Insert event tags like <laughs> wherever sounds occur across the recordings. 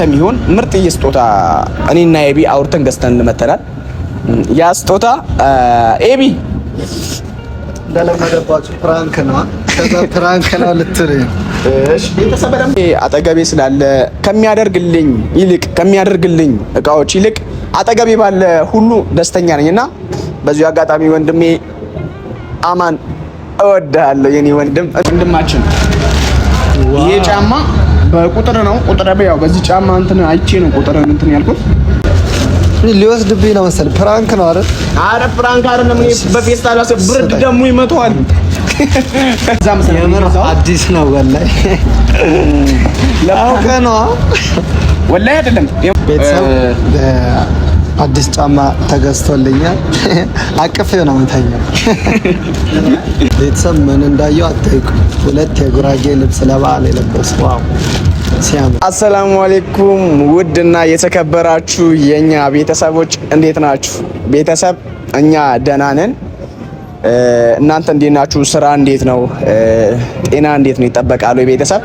ከሚሆን ምርጥ የስጦታ እኔና ኤቢ አውርተን ገዝተን እንመተናል። ያ ስጦታ ኤቢ እንደለመደባችሁ ፕራንክ ነው። ከዛ ፕራንክ ነው ልትል አጠገቤ ስላለ ከሚያደርግልኝ ይልቅ ከሚያደርግልኝ እቃዎች ይልቅ አጠገቤ ባለ ሁሉ ደስተኛ ነኝ እና በዚሁ አጋጣሚ ወንድሜ አማን እወድሃለሁ የኔ ወንድም ወንድማችን ይሄ ጫማ በቁጥር ነው። ቁጥር ያው በዚህ ጫማ እንትን አይቼ ነው ቁጥር እንትን ያልኩት። ሊወስድብኝ ነው መሰል። ፕራንክ ነው አይደል? አረ ፕራንክ አይደለም። እኔ በፌስታል ብርድ ደግሞ ይመጣዋል። አዲስ ነው ወላሂ፣ አውቀህ ነው ወላሂ አይደለም ቤተሰብ አዲስ ጫማ ተገዝቶልኛል። <laughs> አቅፍ ነው የምተኛው። <laughs> ቤተሰብ ምን እንዳየው አታይቁ። ሁለት የጉራጌ ልብስ ለበዓል የለበሱ ዋው አሰላሙ አሌይኩም ውድና የተከበራችሁ የእኛ ቤተሰቦች እንዴት ናችሁ? ቤተሰብ እኛ ደህና ነን። እናንተ እንዴት ናችሁ? ስራ እንዴት ነው? ጤና እንዴት ነው? ይጠበቃሉ ቤተሰብ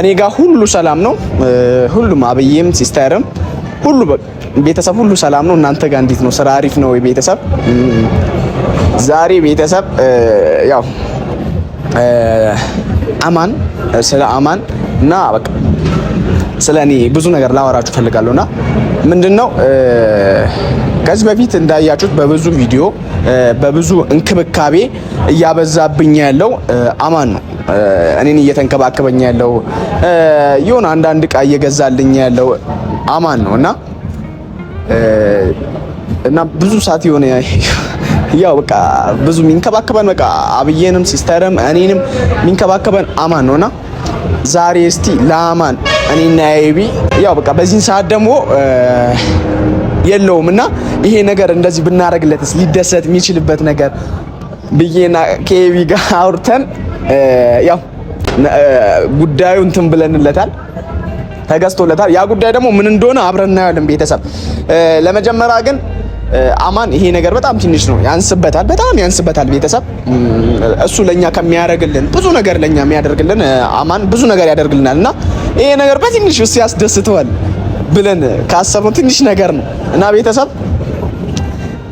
እኔ ጋር ሁሉ ሰላም ነው። ሁሉም አብይም ሲስተርም ሁሉ ቤተሰብ ሁሉ ሰላም ነው? እናንተ ጋር እንዴት ነው? ስራ አሪፍ ነው? ቤተሰብ ዛሬ ቤተሰብ ያው አማን ስለ አማን እና በቃ ስለ እኔ ብዙ ነገር ላወራችሁ ፈልጋለሁ እና ምንድን ነው ከዚህ በፊት እንዳያችሁት በብዙ ቪዲዮ በብዙ እንክብካቤ እያበዛብኝ ያለው አማን ነው። እኔን እየተንከባከበኝ ያለው የሆነ አንዳንድ እቃ እየገዛልኝ ያለው አማን ነው እና እና ብዙ ሰዓት የሆነ ያው በቃ ብዙ የሚንከባከበን በቃ አብዬንም ሲስተርም እኔንም የሚንከባከበን አማን ነውና ዛሬ እስቲ ለአማን እኔና ኤቢ ያው በቃ በዚህን ሰዓት ደግሞ የለውም እና ይሄ ነገር እንደዚህ ብናደርግለትስ ሊደሰት የሚችልበት ነገር ብዬና ከኤቢ ጋር አውርተን ያው ጉዳዩ እንትን ብለንለታል። ተገዝቶለታል። ያ ጉዳይ ደግሞ ምን እንደሆነ አብረን እናያለን። ቤተሰብ ለመጀመሪያ ግን አማን ይሄ ነገር በጣም ትንሽ ነው፣ ያንስበታል፣ በጣም ያንስበታል። ቤተሰብ እሱ ለኛ ከሚያደርግልን ብዙ ነገር ለኛ የሚያደርግልን አማን ብዙ ነገር ያደርግልናል እና ይሄ ነገር በትንሽ እሱ ያስደስተዋል ብለን ካሰብነው ትንሽ ነገር ነው እና ቤተሰብ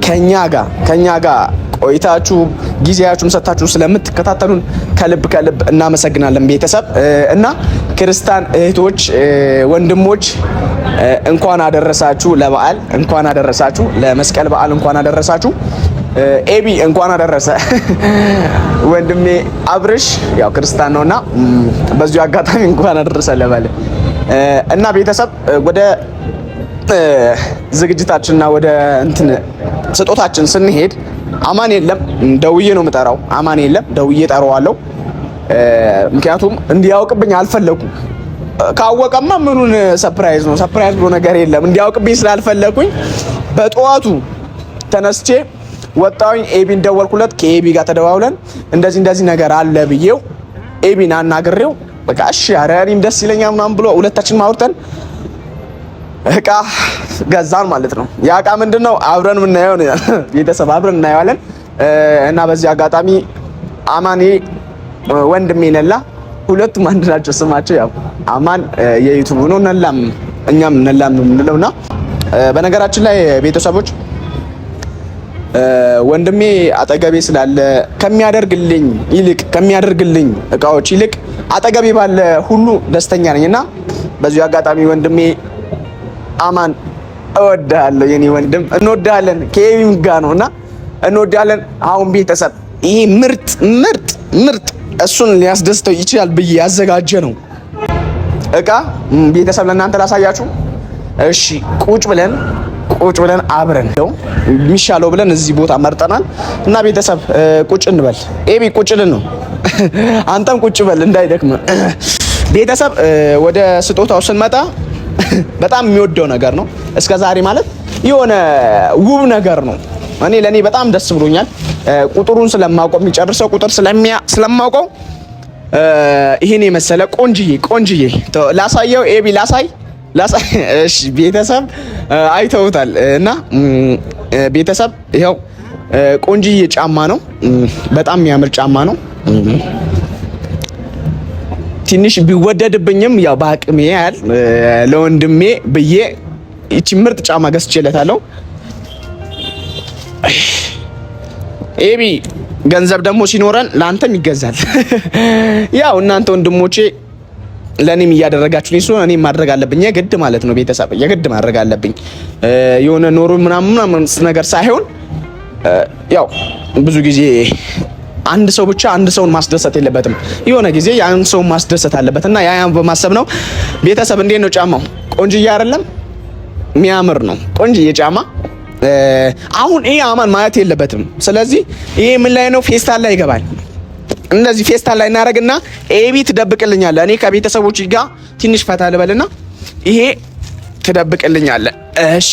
ከኛ ጋር ከኛ ጋር ቆይታችሁ ጊዜያችሁም ሰጥታችሁ ስለምትከታተሉን ከልብ ከልብ እናመሰግናለን ቤተሰብ እና ክርስቲያን እህቶች ወንድሞች እንኳን አደረሳችሁ ለበዓል እንኳን አደረሳችሁ ለመስቀል በዓል እንኳን አደረሳችሁ። ኤቢ እንኳን አደረሰ <laughs> ወንድሜ አብርሽ ያው ክርስቲያን ነውና በዚሁ አጋጣሚ እንኳን አደረሰ ለበዓል እና ቤተሰብ ወደ ዝግጅታችንና ወደ እንትን ስጦታችን ስንሄድ አማን የለም ደውዬ ነው የምጠራው። አማን የለም ደውዬ ጠራዋለሁ። ምክንያቱም እንዲያውቅብኝ አልፈለኩም። ካወቀማ ምኑን ሰፕራይዝ ነው? ሰፕራይዝ ብሎ ነገር የለም። እንዲያውቅብኝ ስላልፈለኩኝ በጠዋቱ ተነስቼ ወጣሁኝ። ኤቢን ደወልኩለት። ከኤቢ ጋር ተደዋውለን እንደዚህ እንደዚህ ነገር አለ ብዬው ኤቢን አናግሬው በቃ እሺ፣ ኧረ እኔም ደስ ይለኛል ምናምን ብሎ ሁለታችን ማውርተን እቃ ገዛን ማለት ነው። ያ እቃ ምንድን ነው አብረን ምናየው ቤተሰብ አብረን እናየዋለን እና በዚህ አጋጣሚ አማኔ ወንድሜ ነላ፣ ሁለቱም አንድ ናቸው ስማቸው። ያው አማን የዩቱብ ነው ነላም እኛም ነላም የምንለው በነገራችን ላይ ቤተሰቦች ወንድሜ አጠገቤ ስላለ ከሚያደርግልኝ ይልቅ ከሚያደርግልኝ እቃዎች ይልቅ አጠገቤ ባለ ሁሉ ደስተኛ ነኝና በዚሁ አጋጣሚ ወንድሜ አማን እወድሃለሁ፣ የኔ ወንድም እንወድሃለን። ከየሚም ጋ ነው እና እንወድሃለን። አሁን ቤተሰብ ይሄ ምርጥ ምርጥ ምርጥ እሱን ሊያስደስተው ይችላል ብዬ ያዘጋጀ ነው እቃ ቤተሰብ ለእናንተ ላሳያችሁ። እሺ ቁጭ ብለን ቁጭ ብለን አብረን ነው የሚሻለው ብለን እዚህ ቦታ መርጠናል እና ቤተሰብ ቁጭ እንበል። ኤቢ ቁጭ ልን ነው <laughs> አንተም ቁጭ በል እንዳይደክም። <clears throat> ቤተሰብ ወደ ስጦታው ስንመጣ <clears throat> በጣም የሚወደው ነገር ነው። እስከ ዛሬ ማለት የሆነ ውብ ነገር ነው። እኔ ለእኔ በጣም ደስ ብሎኛል። ቁጥሩን ስለማውቀው የሚጨርሰው ቁጥር ስለማውቀው ይህን የመሰለ ቆንጅዬ ቆንጅዬ ላሳየው። ኤቢ ላሳይ ላሳይ። <laughs> እሺ ቤተሰብ አይተውታል እና ቤተሰብ ይኸው ቆንጅዬ ጫማ ነው። በጣም የሚያምር ጫማ ነው። ትንሽ ቢወደድብኝም ያው በአቅሜ ያህል ለወንድሜ ብዬ ይቺ ምርጥ ጫማ ገዝቼለታለሁ። ኤቢ ገንዘብ ደግሞ ሲኖረን ለአንተም ይገዛል። <laughs> ያው እናንተ ወንድሞቼ ለእኔም እያደረጋችሁኝ ስለሆነ እኔም ማድረግ አለብኝ የግድ ማለት ነው። ቤተሰብ የግድ ማድረግ አለብኝ። የሆነ ኖሮ ምናምን ነገር ሳይሆን ያው ብዙ ጊዜ አንድ ሰው ብቻ አንድ ሰውን ማስደሰት የለበትም። የሆነ ጊዜ ያን ሰውን ማስደሰት አለበት እና ያ በማሰብ ነው። ቤተሰብ እንዴት ነው ጫማው? ቆንጅዬ አይደለም? የሚያምር ነው ቆንጅዬ ጫማ አሁን ይሄ አማን ማየት የለበትም። ስለዚህ ይሄ ምን ላይ ነው? ፌስታል ላይ ይገባል። እንደዚህ ፌስታል ላይ እናደርግና ኤቢ ትደብቅልኛለ እኔ ከቤተሰቦች ጋር ትንሽ ፈታ ልበልና ይሄ ትደብቅልኛለ። እሺ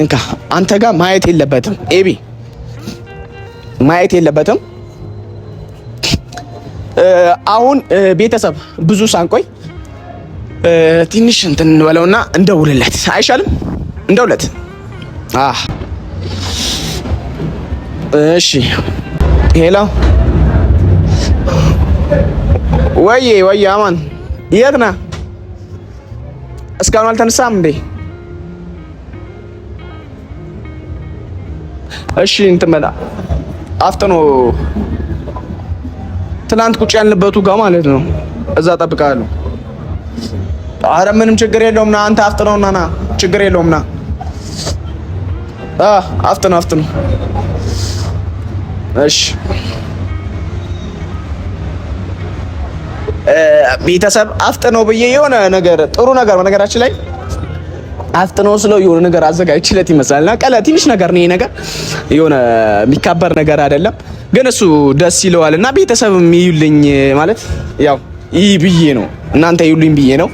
እንካ፣ አንተ ጋር ማየት የለበትም። ኤቢ ማየት የለበትም። አሁን ቤተሰብ ብዙ ሳንቆይ ትንሽ እንትን እንበለውና እንደውልለት አይሻልም? እንደውለት Ah. እሺ ሄሎ፣ ወዬ ወዬ፣ አማን የት ነህ? እስካሁን አልተነሳም እንዴ? እሺ እንትን በላ አፍጥኖ ትናንት ቁጭ ያልንበቱ ጋር ማለት ነው። እዛ እጠብቅሃለሁ። አረ ምንም ችግር የለውም ና አንተ አፍጥነውና ና ችግር የለውም ና አፍጥኑ አፍጥኑ። እሺ ቤተሰብ አፍጥነው ብዬ የሆነ ነገር ጥሩ ነገር በነገራችን ላይ አፍጥነው ስለው የሆነ ነገር አዘጋጅችለት ይመስላልና ቀለ ትንሽ ነገር ነው ይሄ ነገር የሆነ የሚካበር ነገር አይደለም፣ ግን እሱ ደስ ይለዋልና ቤተሰብ ይዩልኝ ማለት ያው ይህ ብዬ ነው እናንተ ይዩልኝ ብዬ ነው።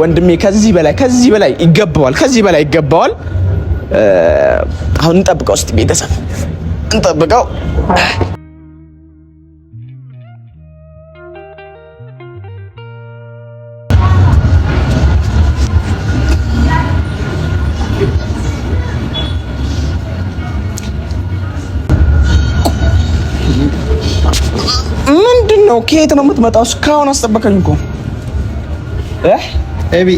ወንድሜ ከዚህ በላይ ከዚህ በላይ ይገባዋል፣ ከዚህ በላይ ይገባዋል። አሁን እንጠብቀው እስቲ ቤተሰብ እንጠብቀው። ምንድን ነው? ከየት ነው የምትመጣው? እስካሁን አስጠበቀኝ እኮ እህ ኤቢ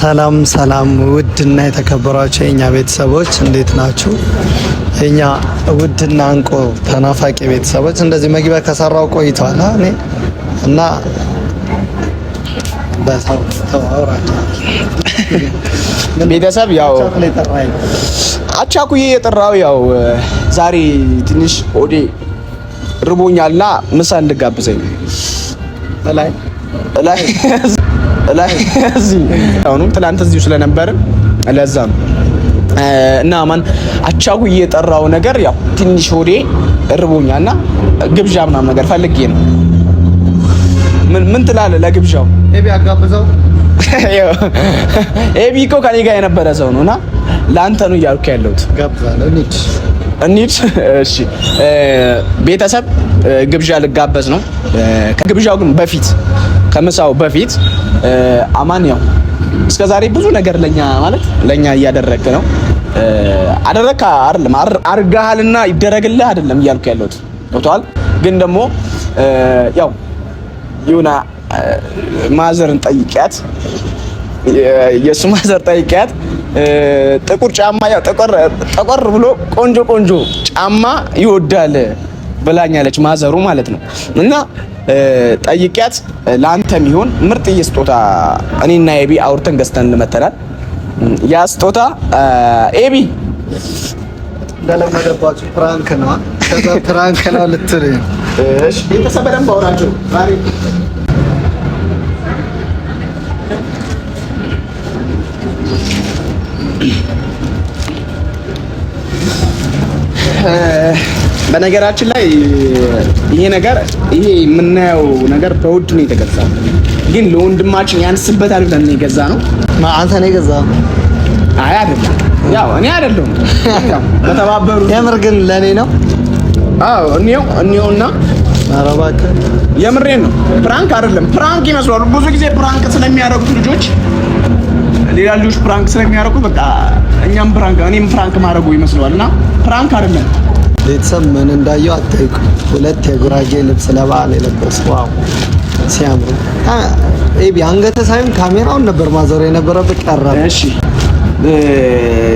ሰላም ሰላም ውድና የተከበሯቸው የእኛ ቤተሰቦች እንዴት ናችሁ? የኛ ውድና እንቁ ተናፋቂ ቤተሰቦች እንደዚህ መግቢያ ከሰራው ቆይተዋል እኔ እና ቤተሰብ ያው አቻኩዬ የጠራው ያው ዛሬ ትንሽ ኦዴ ርቦኛልና ምሳ እንድጋብዘኝ አሁንም ትላንት እዚሁ ስለነበር ለዛ ነው እና ማን አቻው እየጠራው ነገር ያው ትንሽ ሆዴ እርቦኛል እና ግብዣ ምናምን ነገር ፈልጌ ነው። ምን ምን ትላለህ ለግብዣው? ኤቢ አጋብዘው። ኤቢ እኮ ከኔ ጋር የነበረ ሰው ነውና ለአንተ ነው እያልኩ ያለሁት። ጋብዛለሁ። እንሂድ እንሂድ። እሺ ቤተሰብ ግብዣ ልጋበዝ ነው። ከግብዣው ግን በፊት ከምሳው በፊት አማን ያው እስከዛሬ ብዙ ነገር ለኛ ማለት ለኛ እያደረክ ነው አደረካ አይደለም አርጋሃልና ይደረግልህ አይደለም እያልኩ ያለሁት ገብቶሃል። ግን ደግሞ ያው ዩና ማዘርን ጠይቂያት የእሱ ማዘር ጠይቂያት ጥቁር ጫማ ያው ጠቆር ብሎ ቆንጆ ቆንጆ ጫማ ይወዳል ብላኛለች ማዘሩ ማለት ነው። እና ጠይቂያት ለአንተ የሚሆን ምርጥዬ ስጦታ እኔና ኤቢ አውርተን ገዝተን እንመተናል። ያ ስጦታ ኤቢ እንደለመደባችሁ ፕራንክ ነው። ከዛ ፕራንክ ነው ልትል እሺ፣ ቤተሰብ በደንብ ዛሬ በነገራችን ላይ ይሄ ነገር ይሄ የምናየው ነገር በውድ ነው የተገዛ ግን ለወንድማችን ያንስበታል ብለን ነው የገዛ ነው። አንተ ነው የገዛ? አይ አይደለም፣ ያው እኔ አይደለሁም በተባበሩ። የምር ግን ለእኔ ነው። አዎ እኔው እኔውና ኧረ እባክህ የምሬን ነው። ፕራንክ አይደለም። ፕራንክ ይመስላሉ ብዙ ጊዜ ፕራንክ ስለሚያደርጉት ልጆች ሌላ ልጆች ፕራንክ ስለሚያደርጉት በቃ እኛም ፕራንክ እኔም ፕራንክ ማድረጉ ይመስለዋል እና ፕራንክ አይደለም። ቤተሰብ ምን እንዳየው አታይቁ። ሁለት የጉራጌ ልብስ ለበዓል የለበሱ ዋው ሲያምሩ። ኤቢ አንገተ ሳይሆን ካሜራውን ነበር ማዞር የነበረበት ቀረ። እሺ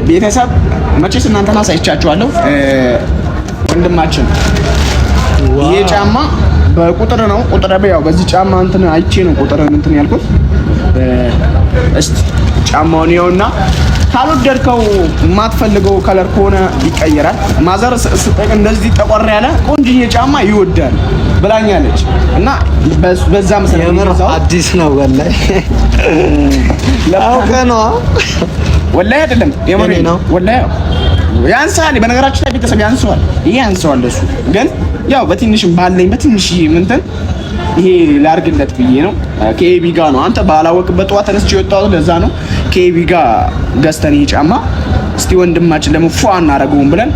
ቤተሰብ መቼስ እናንተን አሳይቻችኋለሁ። ወንድማችን ይሄ ጫማ በቁጥር ነው ቁጥር ያው በዚህ ጫማ እንትን አይቼ ነው ቁጥር እንትን ያልኩት። እስቲ ጫማውን ይኸውና ካልወደድከው የማትፈልገው ከለር ከሆነ ይቀየራል። ማዘር እንደዚህ ጠቆር ያለ ቆንጆዬ ጫማ ይወዳል ብላኛለች እና በዛ መሰለኝ አዲስ ነው ወላሂ አውቀህ ነው ወላሂ አይደለም የምሬ ነው ወላሂ ያንሳል። በነገራችን ላይ ቤተሰብ ያንሰዋል፣ ይሄ ያንሰዋል። እሱ ግን ያው በትንሽም ባለኝ በትንሽ እንትን ይሄ ላርግለት ብዬ ነው። ከኤቢ ጋር ነው አንተ ባላወቅበት ጠዋት ተነስቼ የወጣሁት ለዛ ነው። ከኤቢ ጋር ገዝተን ይህ ጫማ እስቲ ወንድማችን ደግሞ ፏ እናደርገውን ብለን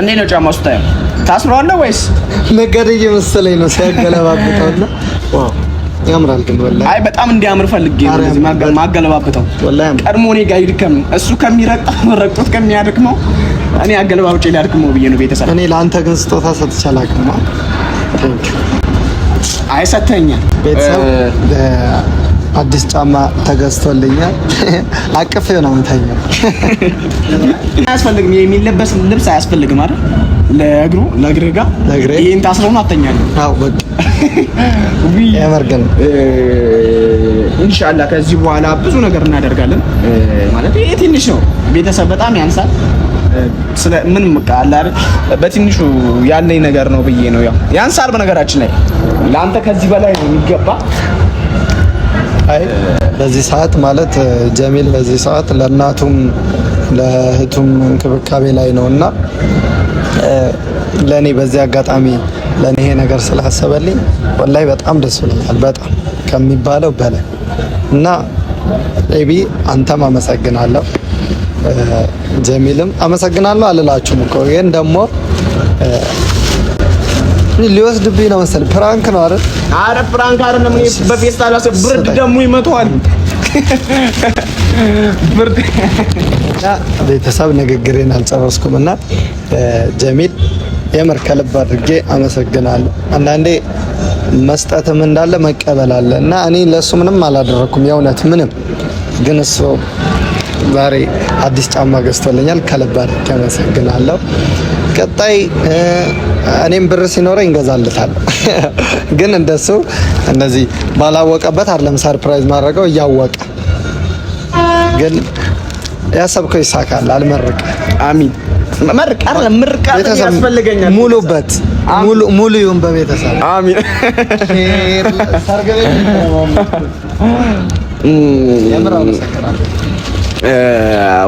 እንዴት ነው ጫማ ስታየ ታስረዋለህ ወይስ ነገር እየመሰለኝ ነው ሲያገለባብጠውና እና ያምራል ግን ወላሂ አይ በጣም እንዲያምር ፈልጌ እንደዚህ ማገለባብጠው ቀድሞ እኔ ጋር ይድከም እሱ ከሚረቅጠው ረቅጦት ከሚያድክመው እኔ አገለባብጬ ሊያድክመው ብዬ ነው ቤተሰብ እኔ ለአንተ ግን ስጦታ ሰጥቻለሁ አቅማ አይ ሰተኛ ቤተሰብ አዲስ ጫማ ተገዝቶልኛል። <laughs> አቅፍ ነው የምተኛው። <laughs> አያስፈልግም፣ የሚለበስ ልብስ አያስፈልግም አይደል? ለእግሩ ለእግር ጋር ይህን ታስረውን አተኛለሁ። በቃ <laughs> ያመርገን። ኢንሻአላህ ከዚህ በኋላ ብዙ ነገር እናደርጋለን። ማለት ይሄ ትንሽ ነው፣ ቤተሰብ በጣም ያንሳል። ስለ ምን በትንሹ ያለኝ ነገር ነው ብዬ ነው። ያው ያንሳል። በነገራችን ላይ ለአንተ ከዚህ በላይ ነው የሚገባ አይ በዚህ ሰዓት ማለት ጀሚል በዚህ ሰዓት ለእናቱም ለእህቱም እንክብካቤ ላይ ነው እና ለእኔ በዚህ አጋጣሚ ለእኔ ይሄ ነገር ስላሰበልኝ ወላይ በጣም ደስ ብሎኛል። በጣም ከሚባለው በላይ እና ኤቢ አንተም አመሰግናለሁ፣ ጀሚልም አመሰግናለሁ አልላችሁም እኮ ግን ደግሞ ሊወስድብኝ ነው መሰለኝ። ፕራንክ ነው አይደል? አረ ፕራንክ አይደለም። በፌስታል ብርድ ደግሞ ይመጣዋል። ብርድ ቤተሰብ ንግግሬን አልጨረስኩም እና ጀሚል የምር ከልብ አድርጌ አመሰግናለሁ። አንዳንዴ መስጠትም እንዳለ መቀበል አለ እና እኔ ለእሱ ምንም አላደረኩም፣ የእውነት ምንም። ግን እሱ ዛሬ አዲስ ጫማ ገዝቶልኛል። ከልብ አድርጌ አመሰግናለሁ። ቀጣይ እኔም ብር ሲኖረኝ ይገዛልታል። <laughs> ግን እንደሱ እነዚህ ባላወቀበት አይደለም ሰርፕራይዝ ማድረገው እያወቀ ግን ያሰብከው ይሳካል። አልመርቅ አሚን መርቅ አይደለም ምርቃት ያስፈልገኛል። ሙሉበት ሙሉ ሙሉ ይሁን በቤተሰብ አሚን። <laughs>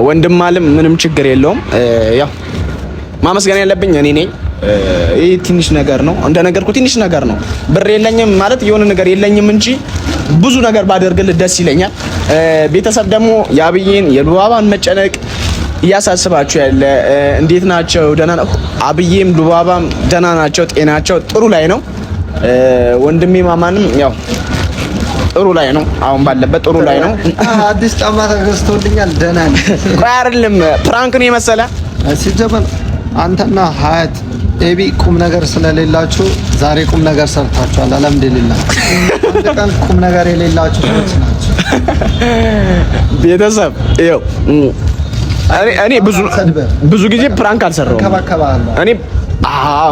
ወንድም አለም ምንም ችግር የለውም ያው ማመስገን ያለብኝ እኔ ነኝ። ይህ ትንሽ ነገር ነው፣ እንደነገርኩ ትንሽ ነገር ነው። ብር የለኝም ማለት የሆነ ነገር የለኝም እንጂ ብዙ ነገር ባደርግልህ ደስ ይለኛል። ቤተሰብ ደግሞ የአብዬን የሉባባን መጨነቅ እያሳስባችሁ ያለ እንዴት ናቸው? ደህና ነው። አብዬም ሉባባም ደህና ናቸው፣ ጤናቸው ጥሩ ላይ ነው። ወንድሜ ማማንም ያው ጥሩ ላይ ነው። አሁን ባለበት ጥሩ ላይ ነው። አዲስ ጫማ ተገዝቶልኛል። ደህና ነኝ። ቆይ አይደለም ፕራንክ ነው የመሰለ ሲጀመር አንተና ሀያት ኤቢ ቁም ነገር ስለሌላችሁ ዛሬ ቁም ነገር ሰርታችኋል። አልሐምዱሊላ አንድ ቀን ቁም ነገር የሌላችሁ ሰዎች ናቸው። ቤተሰብ ይኸው እኔ ብዙ ብዙ ጊዜ ፕራንክ አልሰራሁም። እኔ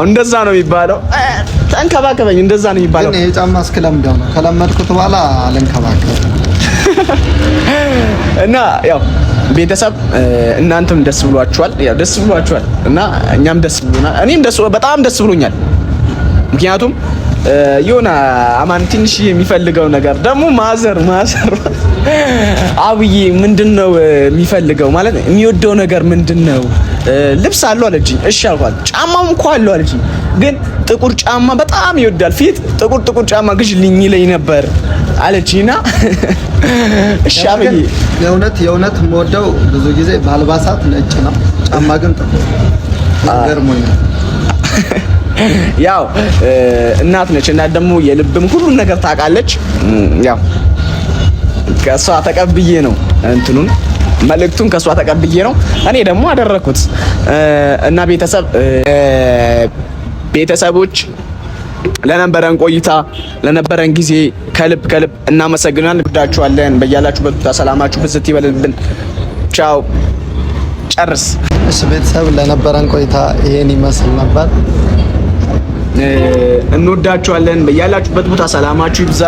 እንደዛ ነው የሚባለው። ተንከባከበኝ እንደዛ ነው የሚባለው። ግን የጫማ እስክለምደው ነው ከለመድኩት በኋላ አልንከባከብ እና ያው ቤተሰብ እናንተም ደስ ብሏችኋል፣ ያው ደስ ብሏችኋል እና እኛም ደስ ብሎናል። እኔም ደስ በጣም ደስ ብሎኛል። ምክንያቱም የሆነ አማን ትንሽ የሚፈልገው ነገር ደግሞ ማዘር ማዘር አብዬ ምንድን ነው የሚፈልገው ማለት የሚወደው ነገር ምንድን ነው ልብስ አለው አለችኝ። እሺ አልኳት። ጫማም እኮ አለው አለችኝ። ግን ጥቁር ጫማ በጣም ይወዳል። ፊት ጥቁር ጥቁር ጫማ ግዥ ልኝ ይለኝ ነበር አለችኝና <laughs> እሺ አብይ የእውነት የእውነት የምወደው ብዙ ጊዜ በአልባሳት ነጭ ነው። ጫማ ግን ጥቁር ገርሞኛል። <laughs> ያው እናት ነች። እና ደግሞ የልብም ሁሉን ነገር ታውቃለች። ያው ከእሷ ተቀብዬ ነው እንትኑን መልእክቱን ከእሷ ተቀብዬ ነው እኔ ደግሞ አደረኩት እና ቤተሰብ ቤተሰቦች ለነበረን ቆይታ ለነበረን ጊዜ ከልብ ከልብ እናመሰግናለን። እንወዳችኋለን። በያላችሁበት ሰላማችሁ ብዝት ይበልብን። ቻው። ጨርስ። እሺ ቤተሰብ ለነበረን ቆይታ ይሄን ይመስል ነበር። እንወዳችኋለን። በያላችሁበት ቦታ ሰላማችሁ ይብዛ።